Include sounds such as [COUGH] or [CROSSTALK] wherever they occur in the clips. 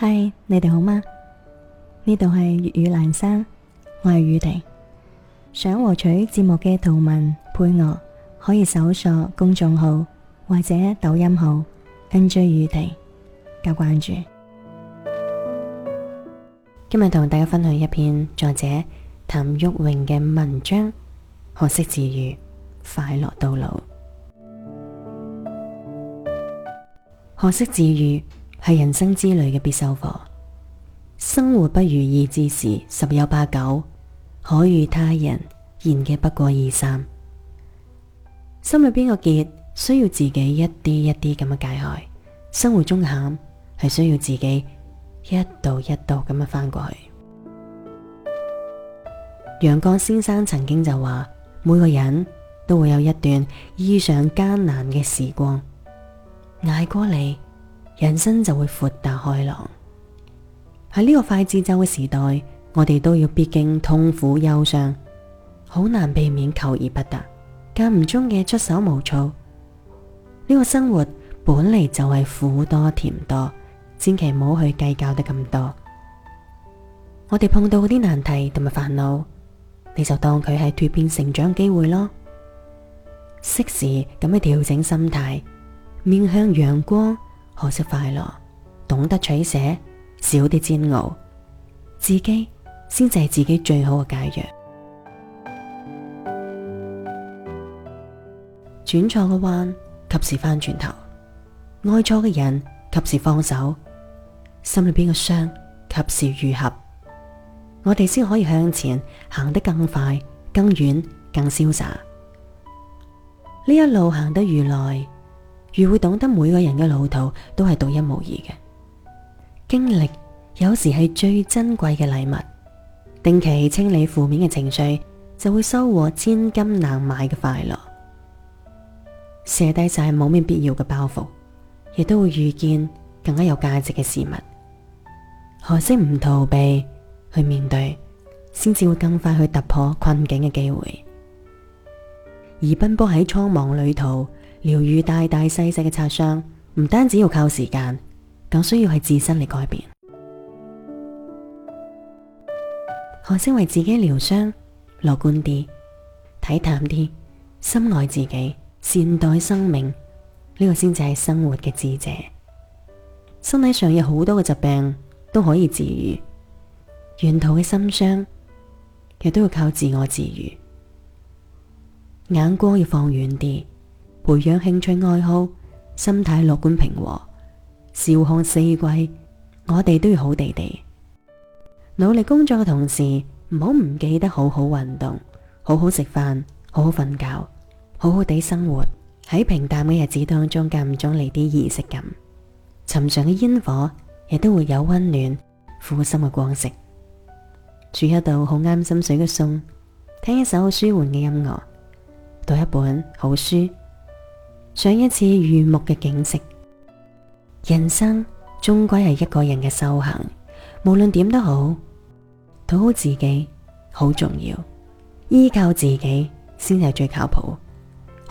嗨，Hi，你哋好嗎？呢度係粵語蘭生，我係宇婷。想獲取節目嘅圖文配樂，可以搜索公眾號或者抖音號 NJ 宇婷加關注。今日同大家分享一篇作者譚玉榮嘅文章《學識自愈，快樂到老》。學識自愈。係人生之旅嘅必修課。生活不如意之事，十有八九，可與他人言嘅不過二三。心裏邊個結，需要自己一啲一啲咁樣解開；生活中嘅坎，係需要自己一道一道咁樣翻過去。楊絳先生曾經就話：每個人都會有一段異常艱難嘅時光，捱過嚟。人生就會豁達開朗。喺呢個快節奏嘅時代，我哋都要必經痛苦憂傷，好難避免求而不得，間唔中嘅束手無措。呢個生活本嚟就係苦多甜多，千祈唔好去計較得咁多。我哋碰到嗰啲難題同埋煩惱，你就當佢係蛻變成長機會咯。適時咁去調整心態，面向陽光。可惜快樂，懂得取捨，少啲煎熬，自己先至係自己最好嘅解藥。 [NOISE] 轉錯個彎，及時翻轉頭；愛錯嘅人，及時放手；心裏邊嘅傷，及時癒合。我哋先可以向前行得更快、更遠、更瀟灑。呢一路行得越耐。越會懂得每個人嘅路途都係獨一無二嘅，經歷有時係最珍貴嘅禮物。定期清理負面嘅情緒，就會收穫千金難買嘅快樂。卸低晒冇咩必要嘅包袱，亦都會遇見更加有價值嘅事物。學識唔逃避去面對，先至會更快去突破困境嘅機會。而奔波喺蒼茫旅途。療癒大大細細嘅擦傷，唔單止要靠時間，更需要係自身嚟改變。學識 [MUSIC] 為自己療傷，樂觀啲，睇淡啲，深愛自己，善待生命，呢個先至係生活嘅智者。身體上有好多嘅疾病都可以治愈，沿途嘅心傷亦都要靠自我治愈，眼光要放遠啲。培養興趣愛好，心態樂觀平和，笑看四季。我哋都要好地地努力工作嘅同時，唔好唔記得好好運動、好好食飯、好好瞓覺、好好地生活。喺平淡嘅日子當中，間唔中嚟啲儀式感，尋常嘅煙火亦都會有溫暖、撫心嘅光色。煮一道好啱心水嘅餸，聽一首舒緩嘅音樂，讀一本好書。賞一隅悅目嘅景色，人生終歸係一個人嘅修行。無論點都好，討好自己好重要，依靠自己先係最靠譜。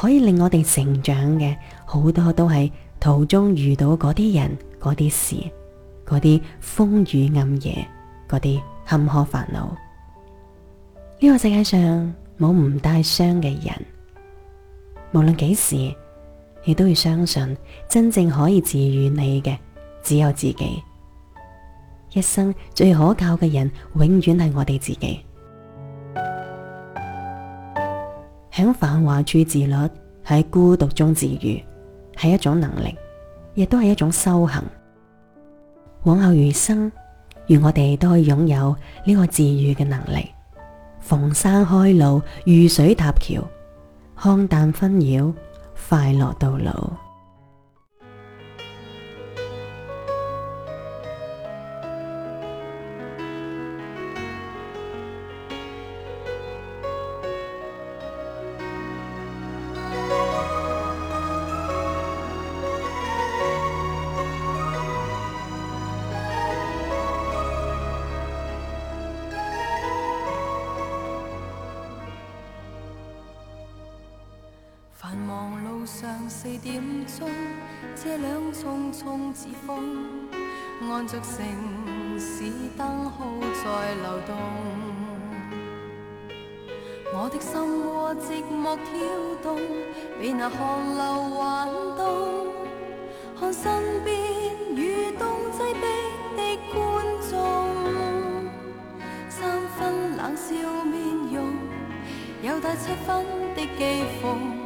可以令我哋成長嘅好多都係途中遇到嗰啲人、嗰啲事、嗰啲風雨暗夜、嗰啲坎坷煩惱。呢個世界上冇唔帶傷嘅人，無論幾時，亦都要相信，真正可以治愈你嘅只有自己。一生最可靠嘅人，永遠係我哋自己。響繁華處自律，喺孤獨中治愈，係一種能力，亦都係一種修行。往後餘生，願我哋都可以擁有呢個治愈嘅能力，逢山開路，遇水搭橋，看淡紛擾。快樂到老。四點鐘，車輛匆匆似風，按着城市燈號在流動。我的心和寂寞跳動，比那寒流還凍。看身邊如凍擠逼的觀眾，三分冷笑面容，有帶七分的譏諷。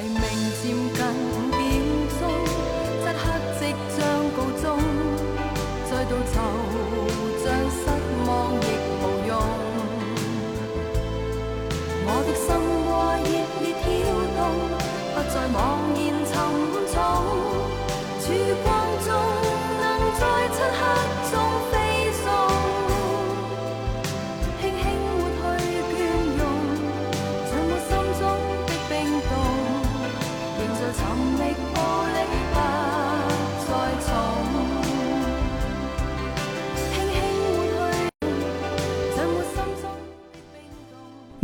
黎明漸近五點鐘，漆黑即刻即將告終。再度惆悵，失望亦無用，我的心窩熱烈跳動，不再茫然尋